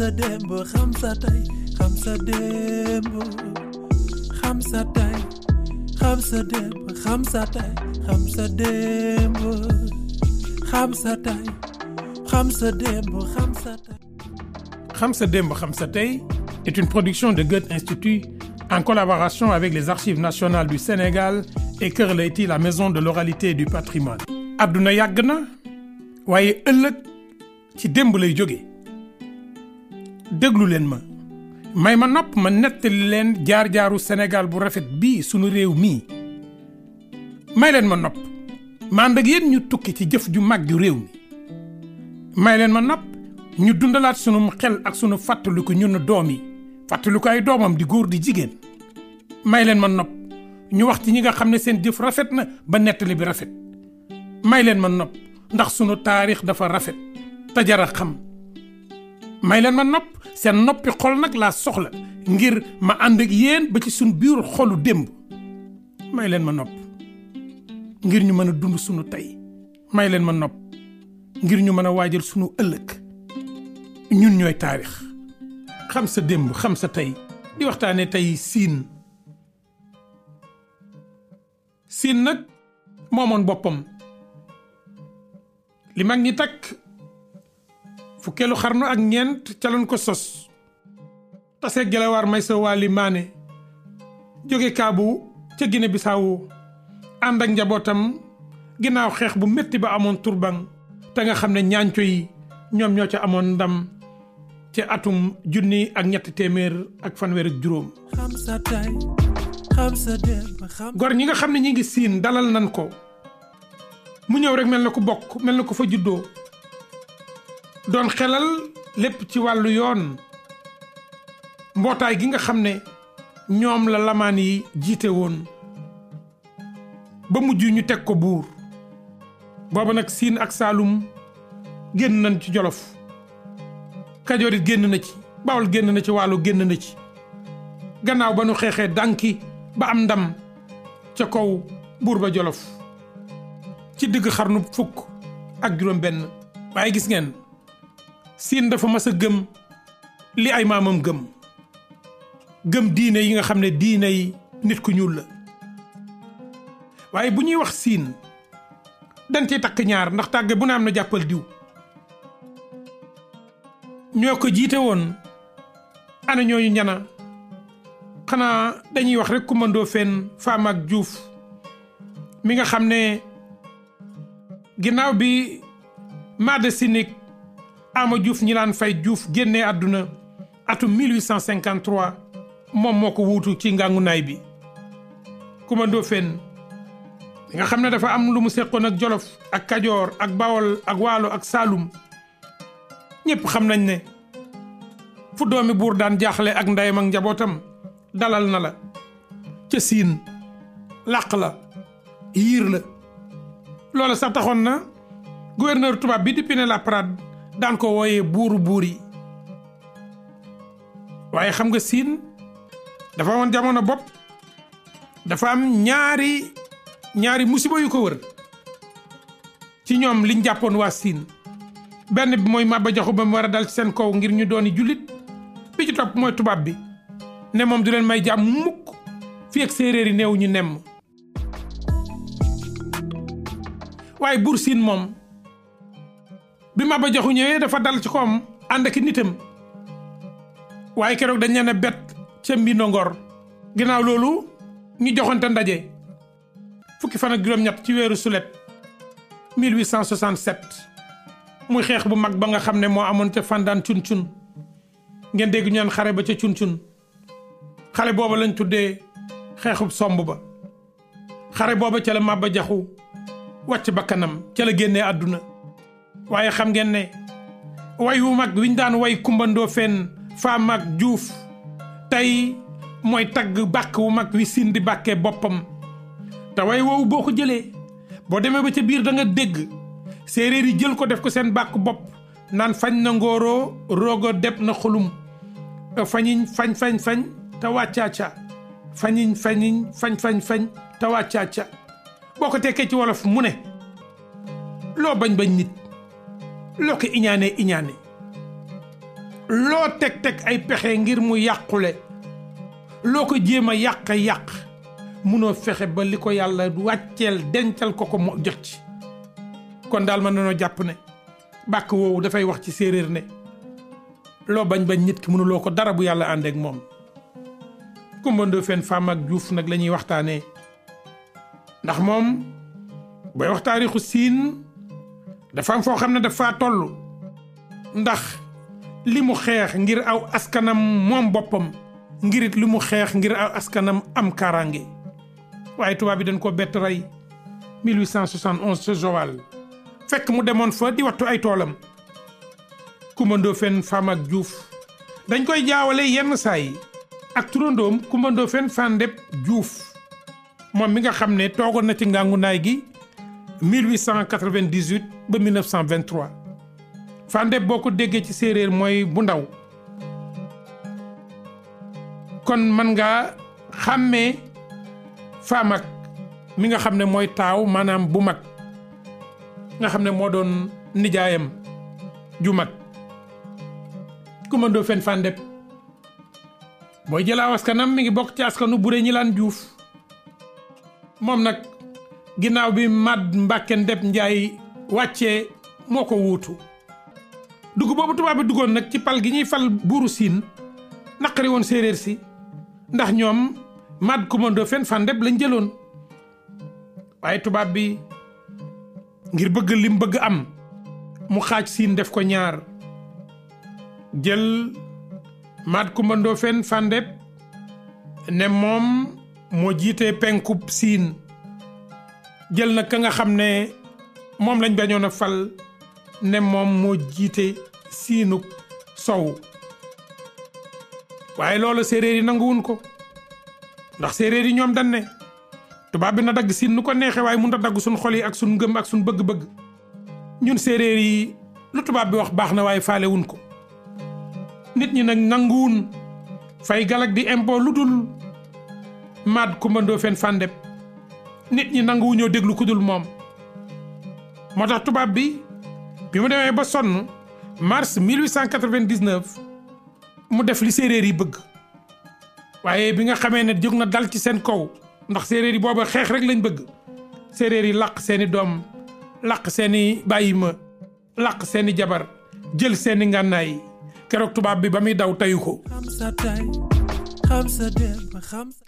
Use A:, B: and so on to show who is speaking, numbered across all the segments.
A: sa démb xam xam sa démb xam sa tey une production de Goethe Institut en collaboration avec les Archives nationales du Sénégal et Kër Leyti la maison de l'oralité et du patrimoine. àdduna yàgg na waaye ëllëg ci démb lay jóge déglu leen ma may ma nopp ma nettali leen jaar-jaaru Sénégal bu rafet bii sunu réew mii may leen ma nopp ma ànd ak ñu tukki ci jëf ju mag ju réew mi may leen ma nopp ñu dundalaat sunu xel ak sunu fàttaliku ñun doom yi fàttaliku ay doomam di góor di jigéen may leen ma nopp ñu wax ci ñi nga xam ne seen jëf rafet na ba nettali bi rafet may leen ma nopp ndax sunu taarix dafa rafet te jar a xam may leen ma nopp seen noppi xol nag laa soxla ngir ma ànd ak yéen ba ci suñ biir xolu démb may leen ma nopp ngir ñu mën a dund sunu tey may leen ma nopp ngir ñu mën a waajal sunu ëllëg ñun ñooy taarix xam sa démb xam sa tey di waxtaane tey siin siin nag moomoon boppam li mag ñi takk fukkeelu xarnu ak ñeent ca ko sos tase Gélawar may Waly Mané jóge Kaabu ca Guinée Bissau ànd ak njabootam ginnaaw xeex bu métti ba amoon turban te nga xam ne ñaanco yi ñoom ñoo ca amoon ndam ci atum junni ak ñett téeméer ak fanweer ak juróom. gor ñi nga xam ne ñi ngi siin dalal nan ko mu ñëw rek mel na ku bokk mel na ku fa juddoo. doon xelal lépp ci wàllu yoon mbootaay gi nga xam ne ñoom la lamaan yi jiite woon ba mujj ñu teg ko buur booba nag siin ak saalum génn nañ ci jolof kajoor it génn na ci bawol génn na ci waalo génn na ci gannaaw ba nu xeexee dànki ba am ndam ca kaw buur ba jolof ci digg xarnu fukk ak juróom benn waaye gis ngeen siin dafa mas gëm li ay maamam gëm gëm diine yi nga xam ne diine yi nit ku ñuul la waaye bu ñuy wax siin dañ ciy takk ñaar ndax tàgge bu na am na jàppal diw ñoo ko jiite woon ana ñooñu ñana xanaa dañuy wax rek kumandoo fen faam ak juuf mi nga xam ne ginnaaw bi maada sinik Ama Diouf ñi laan fay Diouf génnee àdduna atum 1853 moom moo ko wuutu ci ngàngunaay bi Coumba Ndoffène li nga xam ne dafa am lu mu seqoon ak Jolof ak Kajoor ak Bawol ak Waalo ak Saalum ñëpp xam nañ ne fu doomi buur daan jaaxle ak ndeyam ak njabootam dalal na la ca siin làq la yiir la loola sax taxoon na gouverneur tubaab bi di Pinet-Laprade daan ko woye buuru buur yi waaye xam nga siin dafa amoon jamono bopp dafa am ñaari ñaari musiba yu ko wër ci ñoom liñ jàppoon waa siin benn bi mooy Maba Jaxu Ba mu war a dal ci seen kaw ngir ñu dooni jullit bi ci topp mooy tubaab bi ne moom du leen may jàmm mukk fi ak séeréer yi néew ñu nemm waaye buur siin moom bi Maba Jaxu ñëwee dafa dal ci koom ànd ak nitam waaye keroog dañ leen a bett ca Mbindo Ngor ginnaaw loolu ñu joxante ndaje fukki fan ak juróom-ñett ci weeru sulet 1867 muy xeex bu mag ba nga xam ne moo amoon ca Fandaan cun cun ngeen dégg ñaan xare ba ca cun cun xale booba lañ tuddee xeexub somb ba xare booba ca la Maba Jaxu wàcc bakkanam ca la génnee àdduna waaye xam ngeen ne way wu mag wiñ daan way kumbandoo fenn faa mag juuf tey mooy tagg bàkk wu mag wi siin di bàkkee boppam te way woowu boo ko jëlee boo demee ba ca biir danga nga dégg séeréer yi jël ko def ko seen bàkk bopp naan fañ na ngóoroo roogo deb na xulum fañiñ fañ fañ fañ te wàccaaca fañiñ fañiñ fañ fañ fañ te wàccaaca boo ko tekee ci wolof mu ne loo bañ bañ nit loo ko iñaane iñaane loo teg-teg ay pexe ngir mu yàqule loo ko jéem a yàq yàq munoo fexe ba li ko yàlla wàcceel dencal ko ko mu jot ci kon daal mën nañoo jàpp ne bàkk woowu dafay wax ci séeréer ne loo bañ bañ nit ki mënuloo ko dara bu yàlla ànd moom Coumba Ndoffène Fam ak Diouf nag la ñuy waxtaanee ndax moom booy wax taarixu siin dafa foo xam ne dafa toll ndax li mu xeex ngir aw askanam moom boppam ngirit li mu xeex ngir aw askanam am kaaraange waaye tubaab bi dañ ko bett rey 1871 sa Joal fekk mu demoon fa di wattu ay toolam kumandoo fenn faam ak juuf dañ koy jaawale yenn saa yi ak turandoom kumandoo fen fandeb juuf moom mi nga xam ne toogoon na ci ngàngunaay gi 1898 ba 1923 fandeb boo ko déggee ci séeréer mooy bu ndaw kon man nga xàmmee faamak mi nga xam ne mooy taaw maanaam bu mag nga xam ne moo doon nijaayam ju mag kumandoo fen fandeb booy jëlaaw askanam mi ngi bokk ci askanu bu Bure Ñilaan Juuf moom nag ginnaaw bi Mad Mbàkke Ndeb Njaay wàcce moo ko wuutu dugg boobu tubaab bi duggoon nag ci pal gi ñuy fal buuru siin naqari woon séeréer si ndax ñoom maad kumandoo fen fandeb lañ jëloon waaye tubaab bi ngir bëgg lim bëgg am mu xaaj siin def ko ñaar jël maat kumandoo fen fandeb ne moom moo jiite penkub siin jël nag ka nga xam ne moom lañ bañoon a fal ne moom moo jiite siinug sow waaye loolu séeréer yi nanguwun ko ndax séeréer yi ñoom dañ tubaab bi na dagg siin nu ko neexee waaye mënut a dagg suñ xol yi ak suñ ngëm ak suñ bëgg-bëgg ñun séeréer yi lu tubaab bi wax baax na waaye faale wun ko nit ñi nag nanguwun fay galak di impôt lu dul maat kumbandoo fen fàndeb nit ñi nanguwu ñoo déglu ku dul moom moo tax tubaab bi bi mu demee ba sonn mars 1899 mu def li séeréer yi bëgg waaye bi nga xamee ne jóg na dal ci seen kaw ndax séeréer yi boobu xeex rek lañ bëgg séeréer yi làq seeni doom làq seeni bàyyi ma làq seeni jabar jël seeni ngànnaay keroog tubaab bi ba muy daw tayu ko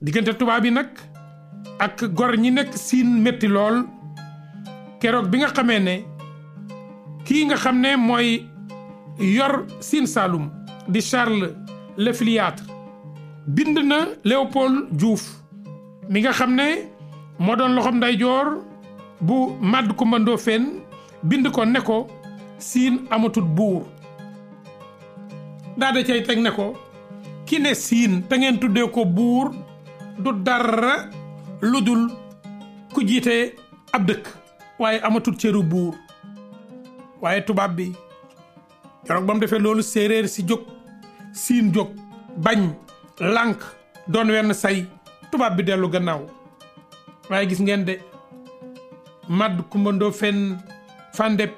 A: diggante tubaab yi nag ak gor ñi nekk siin metti lool keroog bi nga xamee ne kii nga xam ne mooy yor Sine Saloum di Charles Lefliatre bind na Léopold juuf mi nga xam ne moo doon loxoom ndeyjoor bu Mad Kumba Ndoffène bind ko ne ko siin amatul buur daa da teg ne ko ki ne siin te ngeen tuddee ko buur du dara lu dul ku jiite ab dëkk waaye amatul cëru buur waaye tubaab bi keroog ba mu defee loolu séeréer si jóg siin jóg bañ lànk doon wenn say tubaab bi dellu gannaaw waaye gis ngeen de màdd kumbandoo fenn fandeb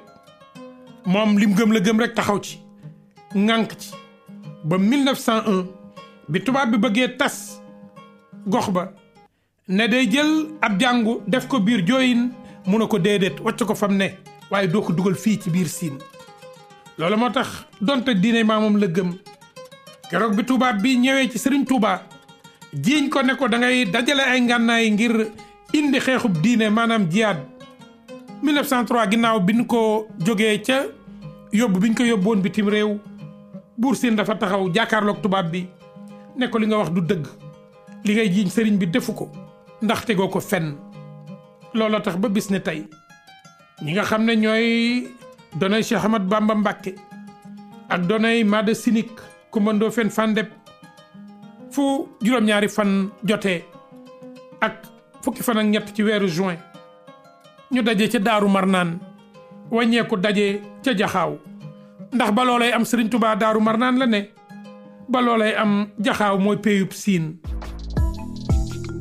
A: moom lim gëm la gëm rek taxaw ci ŋànk ci ba bi tubaab bi bëggee tas gox ba ne day jël ab jàngu def ko biir jooyin mu ne ko déedéet wàcc ko fam ne waaye doo ko dugal fii ci biir siin loolu moo tax donte diine maamam la gëm keroog bi tubaab bi ñëwee ci sëriñ Touba jiiñ ko ne ko da ngay dajale ay ngànnaay ngir indi xeexub diine maanaam jiyaat 1903 ginnaaw bi nu ko jógee ca yóbbu bi ñu ko yóbboon bitim réew buur siin dafa taxaw jàkkaarloog tubaab bi nekko li nga wax du dëgg li ngay jiiñ sëriñ bi defu ko ndax tegoo ko fenn looloo tax ba bis ne tey ñi nga xam ne ñooy donay Cheikh Ahmad Bamba Mbàkke ak donay Mada Sinik kumandoo fan fandeb fu juróom-ñaari fan jotee ak fukki fan ak ñett ci weeru juin ñu daje ca Daaru Marnaan wàññeeku daje ca jaxaaw ndax ba loolay am Sëriñ Tubaa Daaru Marnaan la ne ba loolay am jaxaaw mooy péeyub siin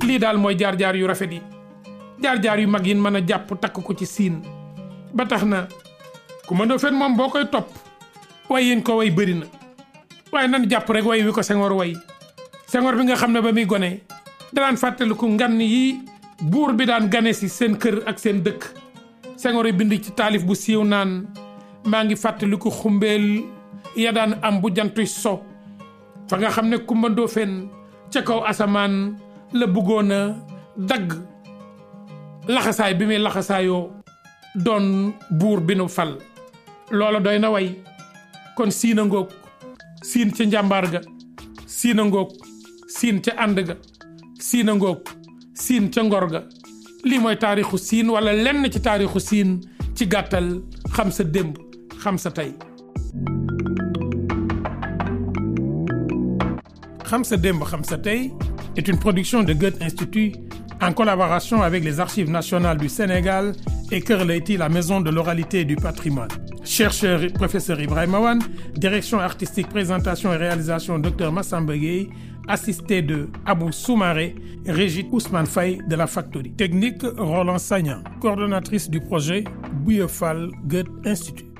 A: lii daal mooy jaar-jaar yu rafet yi jaar-jaar yu mag yi mën a jàpp takk ko ci siin ba tax na ku ma fen moom boo koy topp way yéen ko way bëri na waaye nan jàpp rek way wi ko Senghor way Senghor bi nga xam ne ba muy gone danaan fàttaliku ngan yi buur bi daan gane si seen kër ak seen dëkk Senghor yi bind ci taalif bu siiw naan maa ngi fàttaliku xumbeel ya daan am bu jantuy so fa nga xam ne Kumba Ndoofeen kaw asamaan la bëggoon a dagg laxasaay bi muy laxasaayoo doon buur bi nu fal loola doy na way kon siina ngoog siin ca njàmbaar ga siina ngoog siin ca ànd ga siina ngoog siin ca ngor ga lii mooy taarixu siin wala lenn ci taarixu siin ci gàttal xam sa démb xam sa tey xam sa démb xam sa tey est une production de Goethe Institut en collaboration avec les Archives nationales du Sénégal et la maison de l'oralité et du patrimoine. Chercheur professeur Ibrahim Awan, direction artistique, présentation et réalisation Dr Massambeguei, assisté de Abou Soumaré, Régit Ousmane Faye de la Factory. Technique Roland Sagnan, coordonnatrice du projet Bouillefal Goethe Institut.